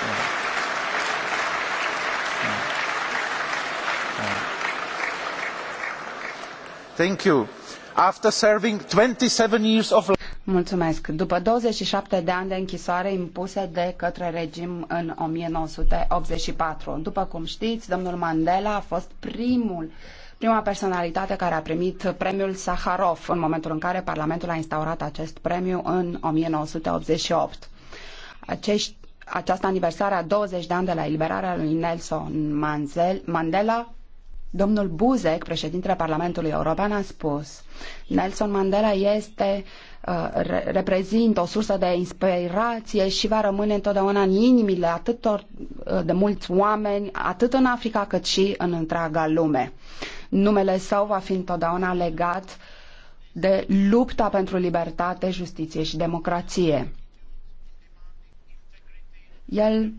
Da. Da. Thank you. After serving 27 years of Mulțumesc. După 27 de ani de închisoare impuse de către regim în 1984, după cum știți, domnul Mandela a fost primul prima personalitate care a primit premiul Saharov în momentul în care Parlamentul a instaurat acest premiu în 1988. Acești această aniversare a 20 de ani de la eliberarea lui Nelson Mandela, domnul Buzek, președintele Parlamentului European, a spus Nelson Mandela este uh, reprezintă o sursă de inspirație și va rămâne întotdeauna în inimile atâtor uh, de mulți oameni, atât în Africa cât și în întreaga lume. Numele său va fi întotdeauna legat de lupta pentru libertate, justiție și democrație. El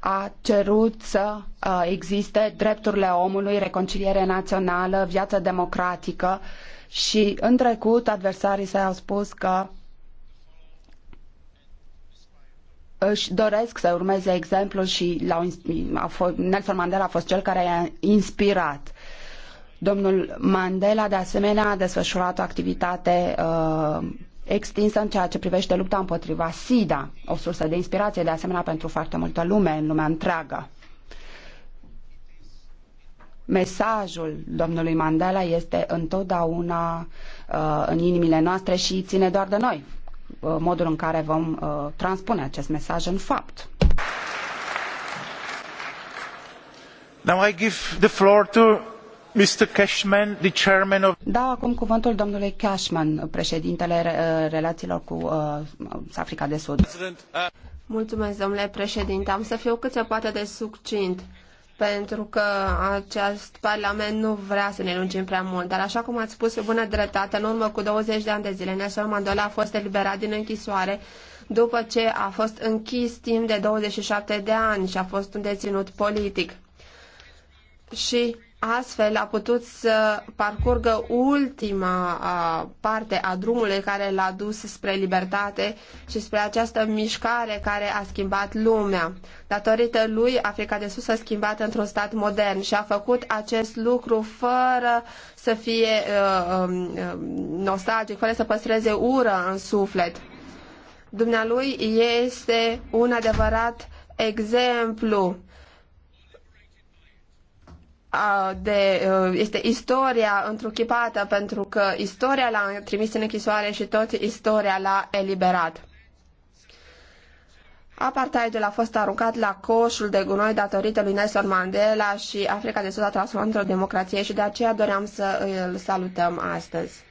a cerut să uh, existe drepturile omului, reconciliere națională, viață democratică și în trecut adversarii săi au spus că își doresc să urmeze exemplul și l-au, Nelson Mandela a fost cel care i-a inspirat. Domnul Mandela, de asemenea, a desfășurat o activitate uh, extinsă în ceea ce privește lupta împotriva SIDA, o sursă de inspirație de asemenea pentru foarte multă lume în lumea întreagă. Mesajul domnului Mandela este întotdeauna uh, în inimile noastre și ține doar de noi uh, modul în care vom uh, transpune acest mesaj în fapt. Now I give the floor to Dau Cashman, acum cuvântul domnului Cashman, președintele uh, relațiilor cu uh, Africa de Sud. Mulțumesc, domnule președinte. Am să fiu cât se poate de succint pentru că acest parlament nu vrea să ne lungim prea mult, dar așa cum ați spus pe bună dreptate, în urmă cu 20 de ani de zile, Nelson Mandela a fost eliberat din închisoare după ce a fost închis timp de 27 de ani și a fost un deținut politic. Și astfel a putut să parcurgă ultima parte a drumului care l-a dus spre libertate și spre această mișcare care a schimbat lumea. Datorită lui, Africa de Sud s-a schimbat într-un stat modern și a făcut acest lucru fără să fie uh, um, uh nostalgic, fără să păstreze ură în suflet. Dumnealui este un adevărat exemplu de, este istoria întruchipată, pentru că istoria l-a trimis în închisoare și tot istoria l-a eliberat. Apartheidul a fost aruncat la coșul de gunoi datorită lui Nelson Mandela și Africa de Sud a transformat într-o democrație și de aceea doream să îl salutăm astăzi.